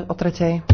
o tretej.